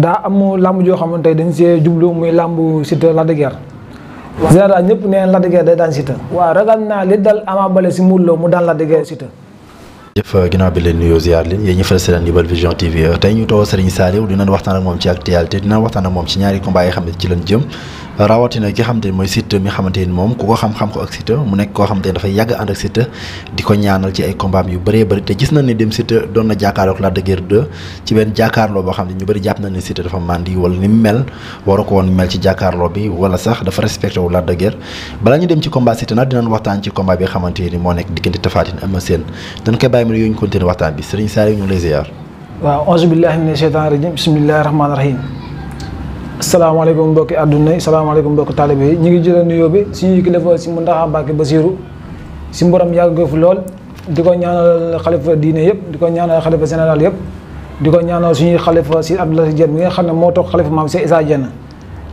daa am làmb joo xamante ne dañ see jublu muy làmb Siteu Lac de Guiers. waaw Général ñëpp nee Lac de day daan Siteu. waa ragal naa li dal a Baldé si Modou Lô mu daan Lac de Guiers Siteu. jëf ginnaaw bi leen nuyoo ziar leen yéen ñi fële seen Nouvelle Vision TV tey ñu too Serigne Saliou dinañ waxtaan ak moom ci actualité dinañ waxtaan ak moom ci ñaari combat yi xam ne ci lañ jëm rawatina ki nga xamante ni moom ku ko xam-xam ko ak Siteu mu nekk koo xamante ni dafay yàgg ànd ak Siteu di ko ñaanal ci ay combat yu bëree bëri te gis nañ ne dem Siteu doon na jàkkaarloog Lac de ci benn jàkkaarloo boo xam ne ñu bëri jàpp nañ ne Siteu dafa màndi wala ni mel waru ko woon mel wu Lac de Guiers balaa ñu dem ci combat Siteu nag moo bàyyi ma ne ñu continuer waxtaan bi sëriñ Saliou ñu ngi lay ziar. waaw auzu billahi mina sheytaani rajim bismillahi rahmaani rahim salaamaaleykum mbokki àdduna yi salaamaaleykum mbokki taalibe yi ñu ngi jëlee nuyoo bi suñu kilifa si mu Muntaxa Mbàkke Basiiru si mborom yàgg ko fi lool di ko ñaanal xalifa yëpp di ko ñaanal xalifa général yëpp di ko ñaanal suñuy xalifa si Abdoulaye mi nga xam ne moo toog xalifa maam si Issa Diène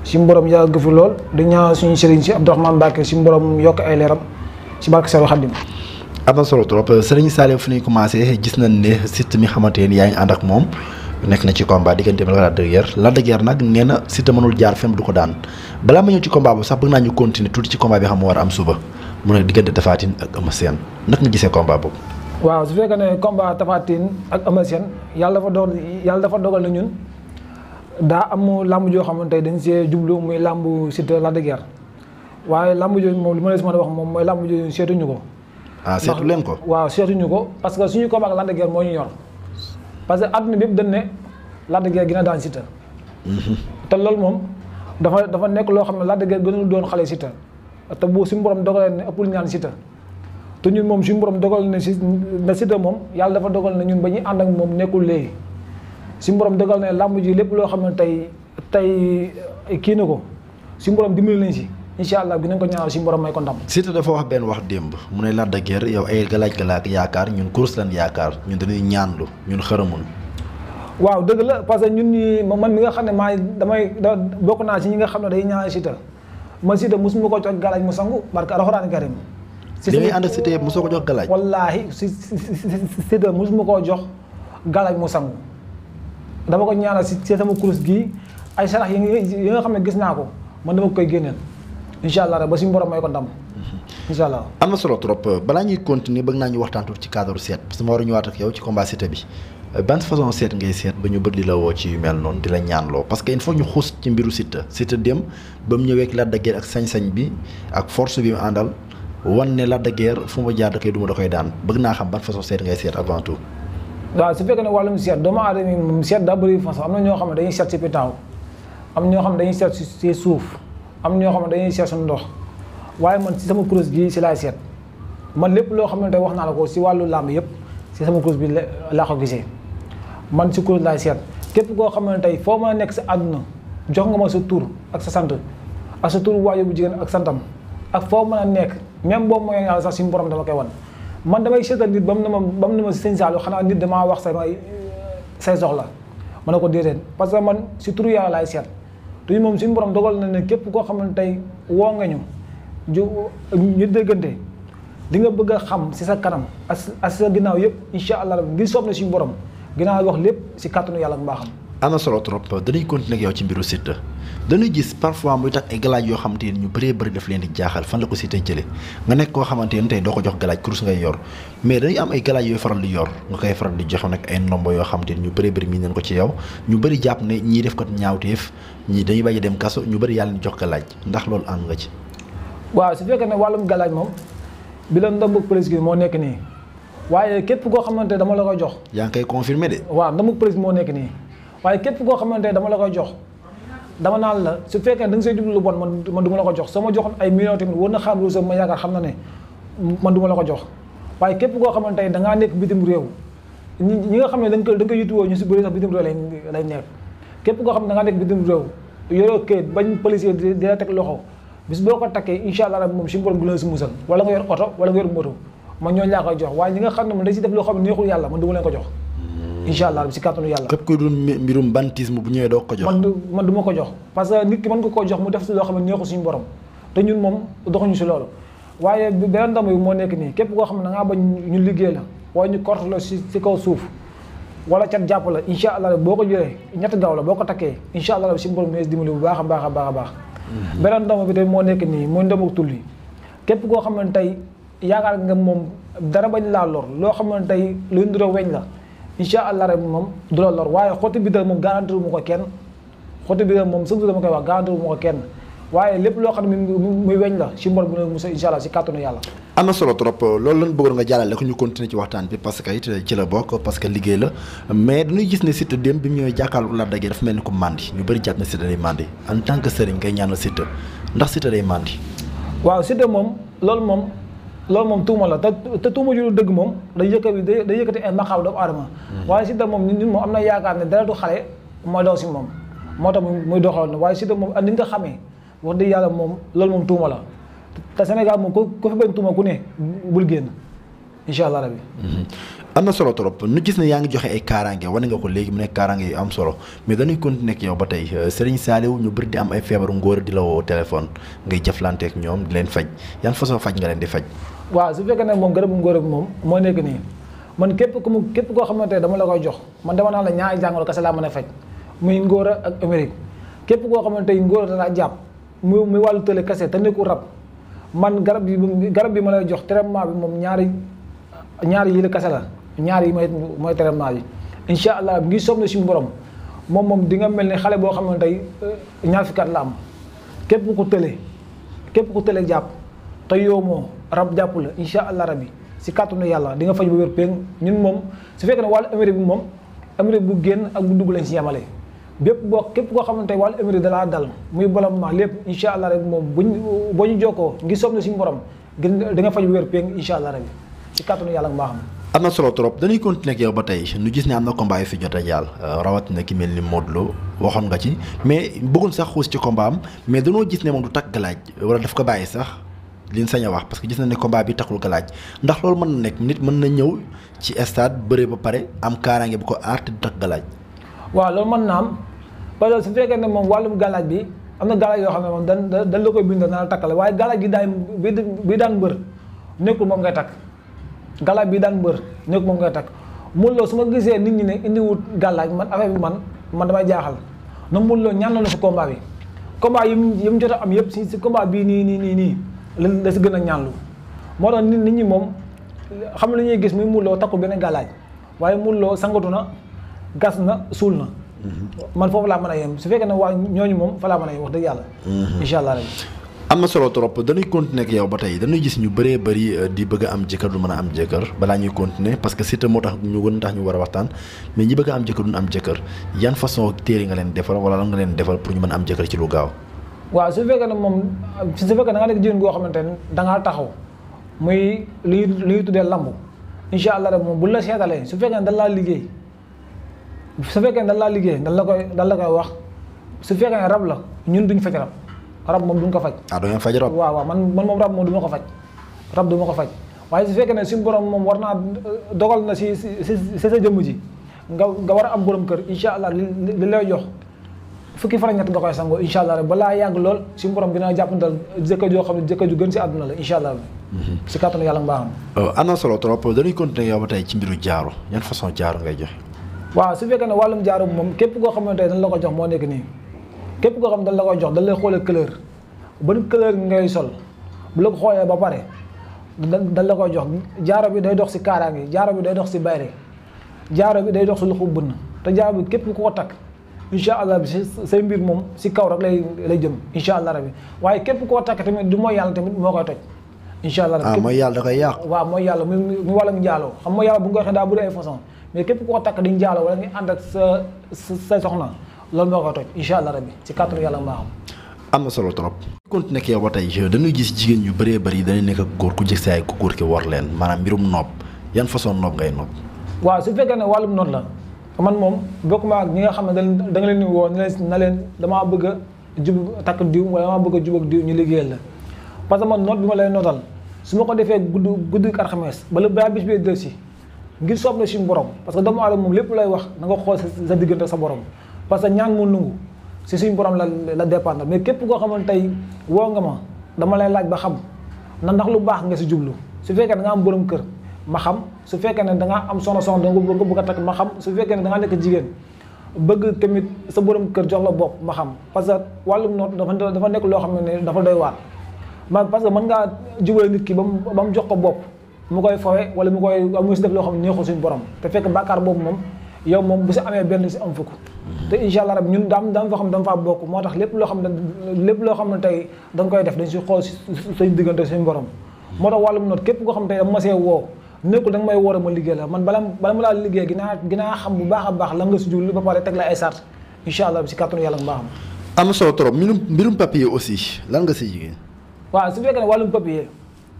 si yàgg ko fi lool di ñaanal suñu sëriñ si Abdourahmane Mbàkke si mborom yokk ay leeram si barke Seexul Xaadim am na solo trop Serigne gis na ne Siteu mi xamante ne yaa ngi ànd ak moom nekk na ci combat diggante bi Lac de Guiers Lac de Guiers nag nee na Siteu mënul jaar fem du ko daan balaa ma ñëw ci combat bu sax bëgg naa ñu continuer tuuti ci combat bi xam moo war a am suba mu ne diggante Tapha Tine ak Eumeu Sène naka nga gisee combat boobu. waaw su fekkee ne combat Tapha Tine ak Eumeu Sène yàlla dafa dogal yàlla dafa dogal na ñun daa am làmb joo xamante ne dañ see jublu muy làmb Siteu Lac de Guiers waaye làmb jooju moom li ma leen wax moom mooy làmb jooju seetuñu ko. ah seetu leen ko waaw seetuñu ko parce que suñu combat ak moo ñu ñor parce que adduna bi yëpp dañ ne Lac de na gën a daan Siteu mhm. te loolu moom dafa dafa nekk loo xam ne Lac de Guiers gënul doon xale Siteu te bu suñu borom dogalee ne ëppul ñaan Siteu te ñun moom suñu borom dogal na si ne Siteu moom yàlla dafa dogal na ñun ba ñuy ànd ak moom nekkul léegi suñu borom dogal na làmb ji lépp loo xam ne tey tey kii na ko suñu borom dimbali nañ si incha allah dinañ ko ñaanal si borom may ko ndam surtout dafa wax benn wax démb mu ne Lac de yow ay galaaj galaaj yaakaar ñun course lan yaakaar ñun dañuy waaw dëgg la parce que ñun ñi man mi nga xam ne maa damay bokk naa si xam ne day ñaanal Siteu man Siteu mosuma ko jox galaaj mu sangu barke alxuraan karim si li ngay ànd Siteu yëpp mosoo ko jox galaaj wallaahi koo jox galaaj mu sangu dama ko ñaanal si sama course gii ay sarax yi nga xam ne gis naa ko man dama koy génneel incha allah rek ba suñu borom may ko ndam. incha allah am na solo trop balaa ñuy continuer bëgg naa ñu waxtaan ci cadre seet parce que ma war a ñëwaat ak yow ci combat seet ñu bët li la woo ci yu mel noonu di la parce que il faut ñu xuus ci mbiru Siteu Siteu dem ba mu ñëwee ak Lac de ak sañ-sañ bi ak force bi mu àndal wan ne Lac fu ma jaar da koy duma da koy daan bëgg naa xam ban façon seet ngay seet avant tout. waaw su fekkee ne wàllum seet doomu aadama yi seet daa suuf. am ñoo xam ne dañuy seet suñu ndox waaye man si sama kuréel gii si laay seet man lépp loo xam ne tey wax naa la ko si wàllu làmb yëpp si sama kuréel bi laa ko gisee man si kuréel laa seet képp koo xam ne tey foo mën nekk sa àdduna jox nga ma sa tur ak sa sant ak sa tur waajur bu jigéen ak santam ak foo mën nekk même boobu mooy yàlla sax suñu borom dama koy man damay seetal nit ba mu ne ma ba mu ne ma sëñ Saalum xanaa nit damaa wax sa say say soxla ma ne ko déedéet parce que man si turu yàlla laay seet te moom suñu borom dogal na ne képp koo xam ne tey woo nga ñu ju ñu di nga bëgg a xam si sa kanam as as sa ginnaaw yëpp incha allah ngi soob na suñu borom ginnaaw wax lépp si kàttanu yàlla ak mbaaxam am na solo trop danañ continuer ak yow ci dañuy gis parfois muy tax ay galaaj yoo xamante ni ñu bëree bëri daf leen di jaaxal fan la ko Siteu jëlee nga nekk koo xamante ni tey doo ko jox galaaj course ngay yor mais dañuy am ay galaaj yooyu faral di yor nga koy faral di joxe nag ay ndombo yoo xamante ni ñu bëree bëri miin nañ ko ci yow ñu bëri jàpp ne ñii def ko ñaawteef ñii dañuy bañ a dem kaso ñu bëri yàlla ni jox galaaj ndax loolu ànd nga ci. waaw su fekkee ne wàllum galaaj moom bi la moo nekk nii waaye képp koo xamante dama la jox. yaa ngi koy confirmé moo nekk nii waaye képp koo xamante ne dama la koy jox dama naan la su fekkee da nga jublu lu bon man man du ma la ko jox soo ma joxoon ay millions tamit war na xaar lu ma yaakaar xam na ne man ma la ko jox waaye képp koo xamante ne dangaa nekk bitim réew ñi ñi nga xam ne dañ ko dañ ko yittuwoo ñu si bëri sax bitim réew lay lay nekk képp koo xam ne dangaa nekk bitim réew yoroo kayit bañ loxo bis boo ko takkee incha allah moom a wala nga yor oto wala nga yor moto man ñooñu laa koy jox waaye ñi nga xam loo xam ne neexul yàlla man du ma leen ko jox incha allah si kàttanu yàlla képp kuy dund mbirum bantisme bu ñëwee doo ko jox man du ma ko jox parce que nit ki mën nga koo jox mu def si loo xam ne neexu ñu borom te ñun moom doxuñu si loolu waaye beneen ndam bi moo nekk nii képp koo xam ne da ngaa bañ ñu liggéey la waaye ñu kort la si si kaw suuf wala cat jàpp la incha allah boo ko jëlee ñetti gaaw la boo ko takkee incha allah si borom nees dimbali bu baax a baax a baax a baax mhm. bi tey moo nekk nii mooy ndamu tulli képp koo xam ne tey yaakaar nga moom dara bañ laa lor loo xam ne tey luy nduroo weñ la incha allah rek moom du la lor waaye xotti bi moom garantir mu ko kenn xotti bi moom sëñ dama koy wax garantir mu ko kenn waaye lépp loo xam ne muy weñ la si mbor bu ne musa incha allah si kàttanu yàlla am na solo trop euh, loolu lañ bëggoon nga jàllale ko ñu continuer ci waxtaan bi parce que it euh, ci la bokk parce que liggéey la mais dañuy gis ne Siteu démb bi mu ñëwee jàkkaarloo la dagee dafa mel ni ko mandi ñu bëri jàpp ne Siteu day mandi loolu moom tuuma la te te tuuma ju dëgg moom day yëkkati day yëkkati ay maqaaw doomu aadama waaye Siteu moom ñun moom am na yaakaar ne deretu xale mooy daw si moom moo tax muy doxal waaye Siteu moom ak ni ñu ko xamee wax dëgg yàlla moom loolu moom tuuma la te Sénégal moom ku fi bañ tuuma ku ne bul génn incha allah rabbi mhm. am na solo trop nu gis ne yaa ngi joxe ay kaaraange wane nga ko léegi mu nekk kaaraange yu am solo mais dañuy continuer ak yow ba tey euh, Serigne Saliou ñu bëri di am ay feebaru ngóor di la woo téléphone ngay jëflanteek ñoom di leen faj yan façon faj nga leen di faj. waaw su fekkee ne moom garabu ngóor bi moom moo nekk nii man képp ku mu képp koo xamante ne dama la koy jox man dama naan la ñaari jàngoro kese laa mën a faj muy ak Amérique képp koo xamante ni ngóor danaa jàpp mu muy wàllu tële kese te nekkul rab man garab bi garab bi ma lay jox traitement bi moom ñaari ñaari yi kase kese la ñaar yi mooy mooy traitement yi incha allah ngi sob na borom moom moom di nga mel ni xale boo xam tey eh, ñaar fukki at la képp ku ko tële képp ku tële jàpp te yow moo rab jàpp la incha allah rabbi si kàttanu yàlla di nga faj ba wér ñun moom su fekkee ne wàllu émiré bi moom émiré bu génn ak bu dugg si yemale bépp boo képp koo xam ne tey wàllu émiré dalaa dal muy bolam ma lépp incha allah rabbi moom buñ boo ñu jokkoo ngi sob na suñu borom gën di nga faj ba wér péng incha allah rabbi si kàttanu yàlla nga baaxam am na solo trop dañuy continuer ak yow ba tey ñu gis ne am na combat yu fi jot a jàll euh, rawatina ki mel ni Modou Lo waxoon nga ci mais bëggoon sax xuus ci combat am mais danoo gis ne moom du takk galaaj wala daf ko bàyyi sax liñ sañ wax parce que gis na ne combat bi takkul galaaj ndax loolu mën na nekk nit mën na ñëw ci stade bëre ba pare am kaaraange bu ko aar te du takk galaaj. waaw loolu mën na am parce que su moom wàllum galaaj bi am na galaaj yoo xam ne moom dañ dañ la koy bindoo naan takkale waaye galaaj gi daay bi daan mbër nekkul moom ngay takk. gala bi daan bër nekk moom ngay takk Modou Lo su ma gisee nit ñi ne indiwut gàllaaj man affaire bi man man damay jaaxal na Modou Lo ñaan na la si combat bi combat yi mu yi mu jot a am yëpp si si combat bii nii nii nii nii la si gën a ñaanlu moo tax nit ñi moom xam la ñuy gis muy muloo Lo beneen benn gàllaaj waaye Modou Lo sangatu na gas na suul na mhm. man foofu laa mën a yem su fekkee ne waa ñooñu moom fa laa man a yem wax dëgg yàlla mhm. incha allah rek am na solo trop dañuy continuer ak yow ba tey dañuy gis ñu bëree bëri euh, di bëgg am jëkkër du mën a am jëkkër balaa ñuy continuer parce que Siteu moo tax ñu a tax ñu war a waxtaan mais ñi bëgg am jëkkër du am jëkkër yan façon téere nga leen defal wala lan nga leen defal pour ñu mën am jëkkër ci lu gaaw. waaw su fekkee ne moom su fekkee da nga nekk jigéen goo xamante ne da ngaa taxaw muy luy luy tuddee lamb incha allah rek moom bu la seetalee su fekkee ne dañ liggéey su fekkee laa liggéey dañ la koy dañ la koy wax su rab la ñun duñ fekk rab moom duñ ko faj. ah du ngeen faj rab waaw waaw man man moom rab moom du ko faj rab du ma ko faj waaye su fekkee na suñu borom moom war naa euh, dogal na si si si sa jëmm ji nga nga war a am borom kër incha allah li lay jox fukki fan ñett nga koy sangoo incha allah balaa yàgg lool suñu borom dina jàppandal jëkkër joo xam ne jëkkër ju gën si àdduna la incha allah. Mhm. si kàttanu yàlla euh, na solo trop dañuy continuer yow ba ci mbiru jaaro yan façon jaaro ngay joxe. waaw su fekkee ne wàllum jaaro moom képp koo xamante ne dañ ko jox moo nekk nii koo xam ne dañ la koy jox dañ lay xoolee couleur ba ban couleur ngay sol bu la ko xoolee ba pare dal la koy jox jaaro bi day dox si kaaraange jaaro bi day dox si bayre jaaro bi day dox si loxo bënn te jaaro bi képp ku ko takk incha allah bi say moom si kaw rek lay jëm incha allah rabi waaye képp koo takk tamit du yàlla tamit moo koy toj. incha allah ah mooy yàlla da koy yàq. waaw mooy yàlla mu mu wàllum njaaloo xam mooy yàlla bu nga waxee daa bëri ay façon mais képp koo takk di njaaloo wala nga ànd ak sa loolu moo koy toj incha allah yàlla mbaa am na solo trop. continué ak yow ba tey dañuy gis jigéen yu bëree bëri dañuy nekk góor ku jëg si ay góor ki war leen maanaam mbirum nopp yan façon nopp ngay nopp. waaw su fekkee ne wàllum noonu la man moom bokkuma ak ñi nga xam ne danga leen di woo na leen damaa bëgg a jub takk diw wala damaa bëgg a jub ak diw ñu liggéeyal la parce que man noot bi ma lay nootal su ma ko defee gudd gudd alxames bala ba bis bee si ngir soob na suñu borom parce que doomu aadama moom lépp lay wax na nga xool sa diggante sa borom parce que ñaan moo nungu si suñ borom la la dépendre mais képp koo xamante tey woo nga ma dama lay laaj ba xam na ndax lu baax nga si jublu su fekkee da nga am borom kër ma xam su fekkee ne danga am soxna soxna da nga bëgg a takk ma xam su fekkee ne da nga nekk jigéen bëgg tamit sa borom kër jox la bopp ma xam parce que wàllum noot dafa dafa nekk loo xam ne dafa doy waar ma parce que mën ngaa jubale nit ki ba mu ba jox ko bopp mu koy fawee wala mu koy mu si def loo xam ne neexul suñu borom te fekk bàkkaar boobu moom yow moom bu si amee benn si am fukk te incha allah rab ñun daam daam foo xam ne dama faa bokk moo tax lépp loo xam ne lépp loo xam ne tey dañ koy def dañ si xool suñ diggante suñu borom moo tax wàllum noot képp koo xam ne tey dama ma see woo nekkul may woor a ma liggéey man bala ma laa liggéey ginaa ginaa xam bu baax a baax la nga si jublu ba pare teg la ay sart incha allah si kàttanu yàlla mbaaxam am na solo trop mbirum mbirum papier aussi lan nga si jigéen waaw su fekkee ne wàllum papier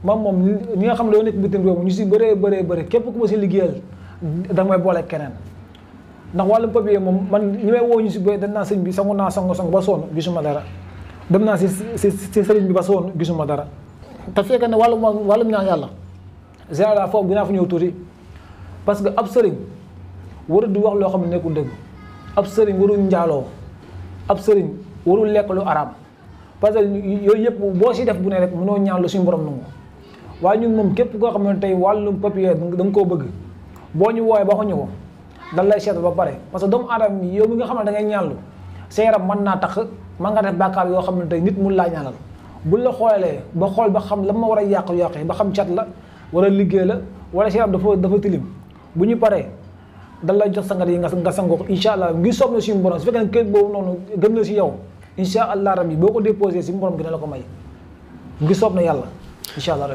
moom moom ñi nga xam ne doo nekk bitim réew ñu si bëree bëree bëri képp ku ma si liggéeyal da nga may boole keneen ndax wàllum papier moom man ñi may woo ñu si ba dem naa sëñ bi sangu naa sangu sangu ba sonn gisuma dara dem naa si si si sëriñ bi ba sonn gisuma dara te fekkee ne wàllum wàllum ñaan yàlla général foofu dinaa fa ñëw tuuti parce que ab sëriñ warul di wax loo xam ne nekkul dëgg ab warul njaaloo ab sëriñ warul lekk lu araam parce que yooyu yëpp boo si def bu ne rek mënoo ñaan lu suñu borom nangu waaye ñun moom képp koo xam ne tey wàllum papier da nga koo bëgg boo ñu woowee ba ñu ko dan lay seetu ba pare parce que doomu aadama bi yow xam ne da ngay ñaanlu sa yaram mën naa tax mën nga def bàkkaar yoo xam ne tey nit mun laa ñaanal bu la xoolee ba xool ba xam la ma war a yàqu yàq yi ba xam cat la war liggéey la wala sa yaram dafa dafa tilim bu ñu paree dan lay jox sangat yi nga nga sangoo ko incha allah ngir soob na suñu borom su fekkee ne kër boobu noonu gëm na si yow incha allah rabbi boo ko déposé si borom bi ne la ko may ngir na yàlla incha allah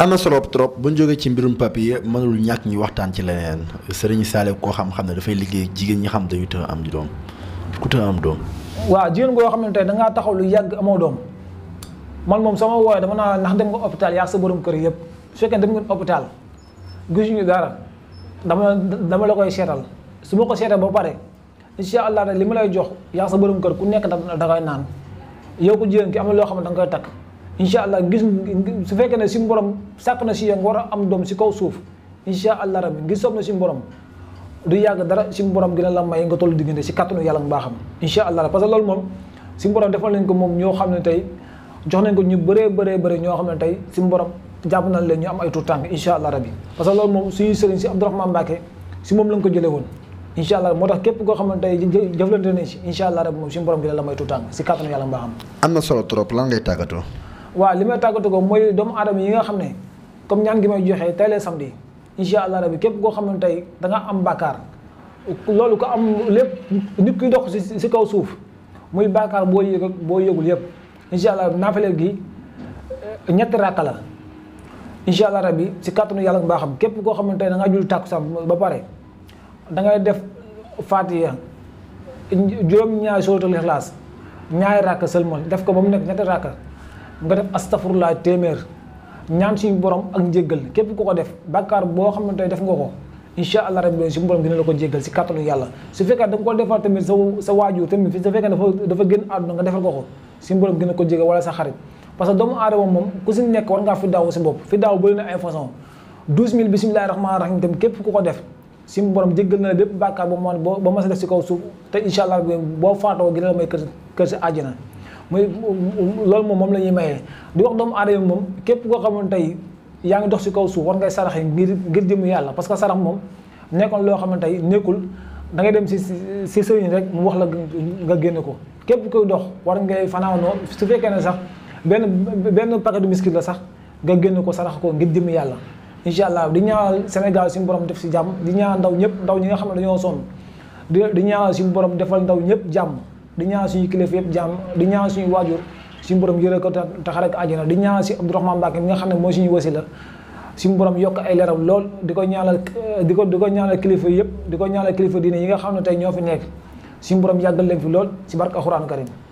am na solo trop ba ñu jógee ci mbirum papier mënul ñàkk ñi waxtaan ci leneen sëriñ Saliou koo xam-xam ne dafay liggéey jigéen ñi xam dañu të am doom ku të am doom. waaw jigéen goo xam ne tey da ngaa taxaw lu yàgg amoo doom man moom sama wooyee dama naa ndax dem nga hôpital yaa sa borom kër yëpp fekkee dem nga hôpital gisuñu dara dama dama la koy seetal su ma ko seetal ba pare incha allah li ma lay jox yaa sa borom kër ku nekk da da koy naan yow ko jigéen ki am na loo xam ne da nga koy takk. incha allah gis su fekkee ne si mborom sàkk na si yow nga war a am doom si suuf incha allah rabbi ngir soob na si mborom du yàgg dara si mborom dina la may nga toll diggante si kattanu yàlla nga baaxam incha allah parce que loolu moom si mborom defal xam ne tey jox nañ ko ñu bëree bëree bëri ñoo xam ne tey si mborom jàpp nañ leen ñu am ay tuut tànk incha allah rabbi parce que loolu moom suñu sëriñ si Abdourahmane Mbacke si moom lañ ko jëlee woon incha allah moo tax képp koo xam ne jëflante nañ si incha allah rabbi moom si mborom gi la may tuut si kattanu yàlla nga am na solo trop lan ngay tàggatoo waaw li may tàggatu ko mooy doomu aadama yi nga xam ne comme ñaan gi may joxe tey lee samedi incha allah rabi képp koo xam ne tey da am bàkkaar loolu ko am lépp nit kuy dox si si kaw suuf muy bàkkaar boo yëg ak boo yëgul yëpp incha allah naafale gi eh, ñetti ràkka la incha allah rabi si kàttanu yàlla mbaa xam képp koo xam ne tey da ngaa jul tàkkusaan ba pare da ngay def fatiha juróom ñaari suratul ixlaas ñaari ràkka sëlmal def ko ba mu nekk ñetti ràkka nga def astafurlaay téeméer ñaan suñu borom ak njéggal képp ku ko def bàkkaar boo xam ne tey def nga ko incha allah rabbi suñu borom dina la ko si kàttanu yàlla su fekkee da nga ko defal tamit sa sa waajur dafa dafa génn àdduna nga ko ko suñu borom ko jéggal wala sa xarit parce que doomu aadama moom ku si nekk war ngaa fi daaw si bopp fi daaw bëri na ay façon 12000 bisimilahi rahmaani rahim tamit képp ku ko def suñu borom jéggal na la bépp bàkkaar ba ma ba ma sa def si kaw suuf te incha allah boo faatoo gina la may kër kër si àjjana muy loolu moom moom la ñuy mayee di wax doomu aadama moom képp koo xamoon tey yaa ngi dox si kaw suuf war ngay saraxe ngir ngir jëm yàlla parce que sarax moom nekkoon loo xamante tey nekkul dangay dem si si sëriñ rek mu wax la nga génne ko képp koy dox war ngay fanaanoo su fekkee ne sax benn benn paquet de la sax nga génn ko sarax ko ngir jëmm yàlla incha allah di ñaanal Sénégal suñu borom def si jàmm di ñaanal ndaw ñëpp ndaw ñi nga xam ne dañoo sonn di di ñaanal suñu borom defal ndaw ñëpp jàmm di ñaan suñu kilifa yëpp jàmm di ñaan suñu waajur suñu borom yëre ko taxare ko àjjana di ñaan si Abdourahmane Mbacke mi nga xam ne mooy suñu wasila suñu borom yokk ay leeram lool di ko ñaanal di ko di ko ñaanal kilifa yëpp di ko ñaanal kilifa diine yi nga xam ne tey ñoo fi nekk suñu borom yàggal leen fi lool si barke alxuraan karim